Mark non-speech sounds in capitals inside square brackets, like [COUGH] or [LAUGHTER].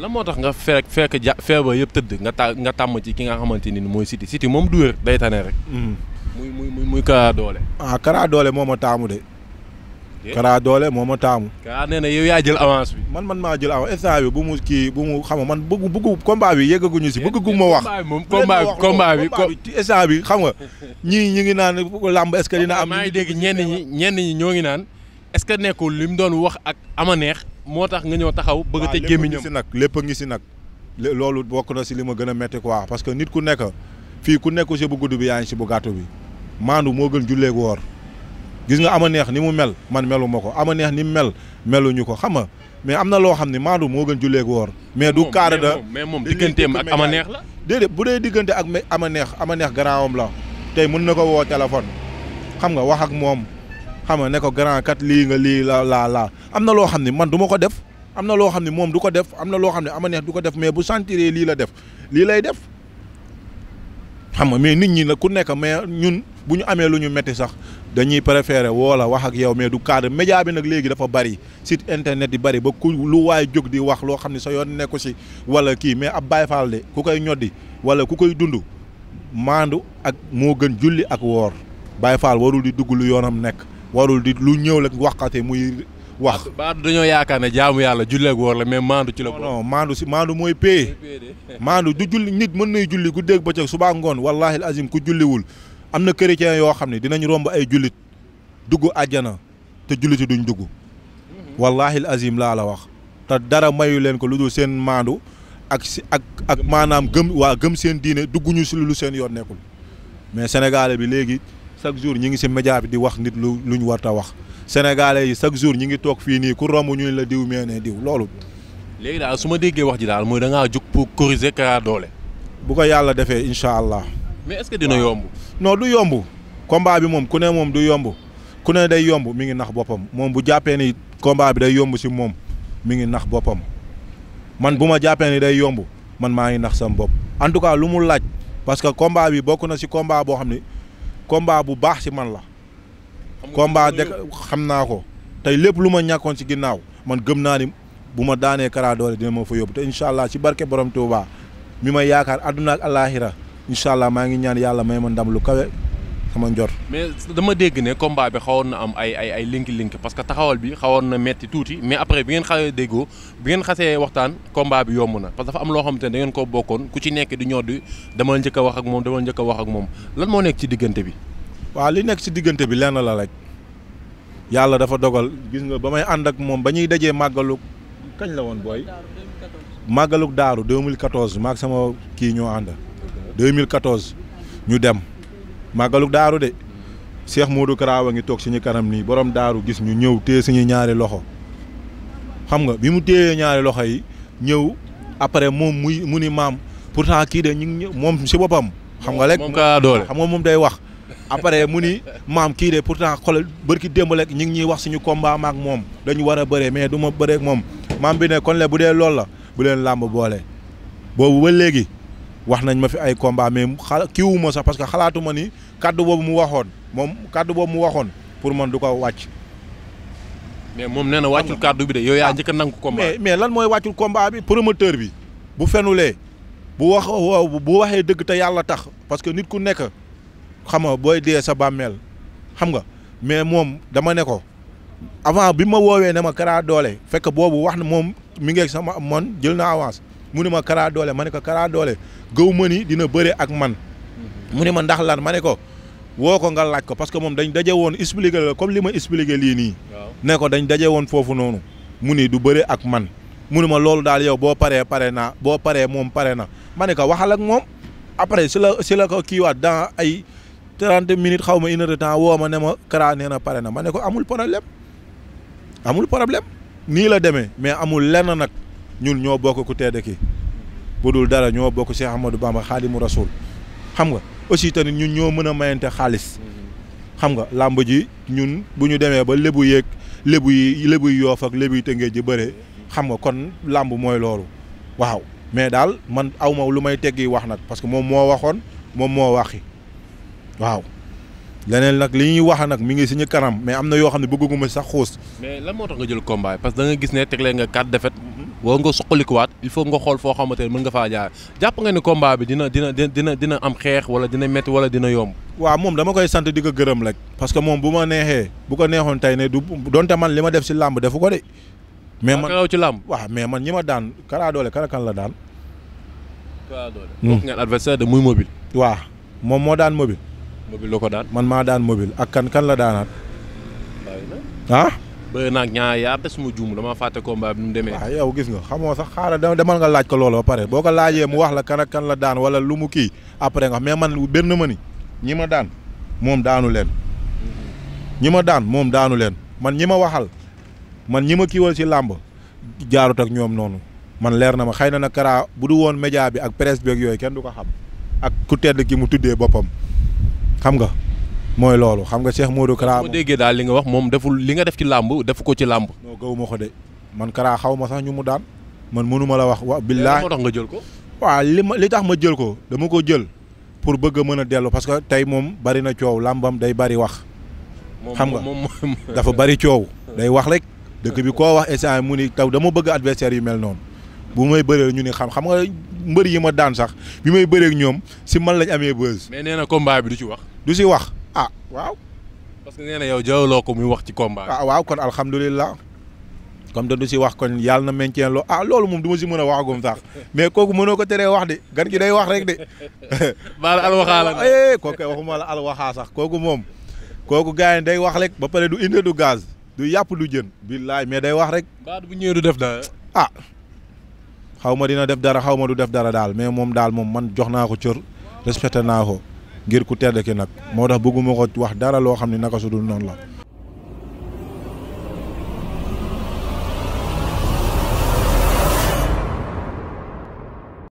lan moo tax nga fekk fekk ja feebar yëpp tëdd nga ta nga tàmm ci ki nga xamante ni mooy Siteu Siteu moom du wér day tane rek. Mm. muy muy muy muy Kara Dollé. ah Kara Dollé moo ma taamu de. Kara Dollé moo ma taamu. Kara nee yow yaa jël avance bi. man man maa jël avance bi bu mu kii bu mu xama man bëggu bëggu bi yeggaguñu si bëggu ma wax. combat bi combat bi combat bi instant bi xam nga ñii ñu ngi naan làmb est-ce que dina am. maa ngi dégg ñenn ñi ñenn ñi ñoo ngi naan est-ce que nekkul li mu doon wax ak ama neex moo tax nga ñëw taxaw bëgg a tëj gémmiñam si nag lépp a ngi si nag loolu bokk na si li ma gën a métti quoi parce que nit ku nekk fii ku nekku si bu gudd bi yaa ngi si bu gàttu bi maandu moo gën julleeg woor gis nga ama neex ni mu mel man meluma ko am a neex ni mu mel meluñu ko xam nga mais am na loo xam ne maandu moo gën julleeg woor mais du kaara da mais moom digganteem ak ama neex la déedéet bu dee diggante ak ama neex ama neex garaawam la tey mën na ko woo téléphone xam nga wax ak moom xam nga ne ko grand kat lii nga lii la la la am na loo xam ne man duma ko def am na loo xam ne moom du ko def am na loo xam ne ama neex du ko def mais bu sentiree lii la def lii lay def xam nga mais nit ñi nag ku nekk mais ñun bu ñu amee lu ñu métti sax dañuy préféré woola wax ak yow mais du cadre média bi nag léegi dafa bari site internet yi bari ba ku lu waay jóg di wax loo xam ne sa yoon nekku si wala kii mais ab Baay de ku koy ñoddi wala ku koy dund maandu ak moo gën julli ak woor Baay warul di dugg lu yoonam nekk warul di lu ñëw rek waxate muy wax. ba dañoo yaakaar ne jaamu yàlla julleeg woor la mais maandu ci la. non maandu si maandu mooy pay. [LAUGHS] maandu du julli nit mën nay julli ku dégg bëccëg subaa ngoon wallaahi al azim ku julliwul am na chrétien yoo xam ne dinañ romb ay jullit dugg àjjana te julliti duñ dugg. wallaahi al laa la wax. te dara mayu leen ko lu dul seen maandu ak si ak ak maanaam gëm waa gëm seen diine dugguñu si lu seen yoon nekkul mais sénégalais bi léegi. chaque jour ñi ngi si média bi di wax nit lu luñ war ta wax sénégalais yi chaque jour ñi ngi toog fii nii ku romb ñu la diw mee ne diw loolu. léegi daal su ma déggee wax ji daal mooy dangaa jug pour corriger Kara doole bu ko yàlla defee incha allah. mais est-ce que dina yomb. noo du yomb combat bi moom ku ne moom du yomb ku ne day yomb mi ngi nax boppam moom bu jàppee ni combat bi day yomb si moom mi ngi nax boppam man bu ma jàppee ni day yomb man maa ngi nax sam bopp en tout cas lu mu laaj parce que combat bi bokk na si combat boo xam ni. combat bu baax ci man la. combat de xam naa ko tey lépp lu ma ñàkkoon ci ginnaaw man gëm naa ni bu ma daanee Kara Dollé dina ma fa yóbbu te incha allah ci barke borom Touba mi ma yaakaar àdduna ak àllaaxira incha allah maa ngi ñaan yàlla may ma ndam lu kawe. sama njor mais dama dégg ne combat bi xawoon na am ay ay ay linki-linki parce que taxawal bi xawoon na metti tuuti mais après bi ngeen xawee déggoo bi ngeen xasee waxtaan combat bi yomb na parce que dafa am loo xamante ne da ngeen ko bokkoon ku ci nekk di ñor di damal njëkk a wax ak moom damal njëkk wax ak moom lan moo nekk ci diggante bi waa li nekk ci diggante bi lenn la rek yàlla dafa dogal gis nga ba may ànd ak moom ba ñuy dajee màggalu kañ la woon booy màggaluk daaru 2014 maag sama kii ñoo ànd 2014 ñu dem màggaluk daaru de Cheikh Modou Karawa ngi toog suñu kanam nii borom daaru gis ñu ñëw téye suñu ñaari loxo xam nga bi mu téyee ñaari loxo yi ñëw après moom muy mu ni maam pour pourtant kii de ñu ngi moom si boppam. xam nga rek moom kaa doole xam nga moom day wax. après mu ni maam kii de pourtant xoolal bërki démb rek ñu ngi ñuy wax suñu combat maak moom dañu war a bëree mais du ma bëree ak moom maam bi ne kon le bu dee lool la bu leen làmb boole boobu ba léegi. wax nañ ma fi ay combat mais xa kiiwuma sax parce que xalaatu ma ni kàddu boobu mu waxoon moom kàddu boobu mu waxoon pour man du ko wàcc. mais moom nee na wàccul kàddu bi de yow yaa ah. njëkk a nangu mais mais lan mooy wàccul combat bi promoteur bi bu fenulee bu wax bu waxee dëgg te yàlla tax parce que nit ku nekk xam nga booy dee sa bàmmeel xam nga mais moom dama ne ko avant bi ma woowee ne ma Kara Dollé fekk boobu wax na moom mi ngeeg sama man jël na avance mu ni ma Kara Dollé ma ne ko Kara Dollé gëw ma dina bëre ak man mhm. mu ni ma ndax lan ma ne ko woo ko nga laaj ko parce que moom dañ daje woon expliqué la comme li ma expliqué lii nii ne ko dañ daje woon foofu noonu mu ni du bëre ak man mu ni ma loolu daal yow boo paree pare na boo paree moom pare na ma ne ko waxalak ak moom après si la si la ko kiiwaat dans ay trente minutes xaw ma une heure de temps woo ma ne ma Kara nee na pare na ma ne ko amul problème amul problème nii la demee mais amul lenn nag ñun ñoo bokk ku tedd ki bu dul dara ñoo bokk du baama Bamba Xaadimu Rasuul xam nga aussi tamit ñun ñoo mën a mayante xaalis xam nga làmb ji ñun bu ñu demee ba lébu yeeg lébu yi lebu yi yoof ak lébu yi tëngee ji bëre xam nga kon làmb mooy loolu waaw mais daal man aw ma lu may teggi wax nag parce que moom moo waxoon moom moo waxi waaw leneen nag li ñuy wax nag mi ngi suñu kanam mais am na yoo xam ne bëgguma sax xuus. mais lan moo tax nga jël combat parce que da nga gis waaw nga suqalikuwaat il faut nga xool foo xamante ne mën nga faa jaar jàpp nga ni combat bi dina dina dina dina am xeex wala dina métti wala dina yomb. waa moom dama koy sant di ko gërëm rek. parce que moom bu ma neexee bu ko neexoon tey ne du donte man li ma def si làmb defu ko de. mais ah, man ci làmb. waaw mais man ñi ma daan Kara Dollé kan la daan. Kara Dollé. kooku hmm. ngeen adversaire de moom moo daan mobile. mobile la ko daan man maa daan mobile ak kan kan la daanaat. ah. bëri na ak ñaar yaar te suma juum dama fàtte combat bi nu mu demee. waaw yow gis nga xamoo sax xaaral demal nga laaj ko loolu ba pare boo ko laajee mu wax la kan la daan wala lu mu kii après nga mais man benn ma ni ñi ma daan moom daanu leen. ñi ma daan moom daanu leen man ñi ma waxal man ñi ma kiiwal ci làmb jaarut ak ñoom noonu man leer na ma xëy na na Kara bu du woon média bi ak presse beeg yooyu kenn du ko xam ak ku tedd ki mu tuddee boppam xam nga. mooy loolu xam nga Cheikh Modou Kara. moo déggee daal li nga wax moom deful li nga def ci làmb def ko ci làmb. moo gaw ko de man karaa xaw ma sax ñu mu daan man mënuma la wax. wa billaay moo nga jël ko. waaw li ma li tax ma jël ko dama ko jël pour bëgg a mën a dellu parce que tey moom bari na coow làmbam day bari wax. xam nga [LAUGHS] dafa bari coow. day wax rek dëkk bi koo wax instant mu ni taw dama bëgg adversaire yu mel noonu bu may bëree ñu ni xam xam nga mbër yi ma daan sax bi may bëree ñoom si man lañ amee buzz. mais nee na combat bi du ci wax. du ci wax. ah waaw. parce que nee yow jawloo ko muy wax ci combat ah waaw kon alhamdulilah. comme du si wax kon yàlla na maintien loo ah loolu moom du si mën a waxagum sax mais kooku mënoo ko tere wax de gan gi day wax rek de. [LAUGHS] baal alwaxaa la [LAUGHS] eh, eh kooku waxuma sax kooku moom kooku gars yi day wax rek ba pare du indi du gaz du yàpp du jën billaay mais day wax rek. baat bu ñëwee du def dara. ah xaw ma dina def dara xaw ma du def dara daal mais moom daal moom man jox naa ko cër respecté naa ko. ngir ku tedd ki nag moo tax bëgguma ko wax dara loo xam ne naka su dul noonu la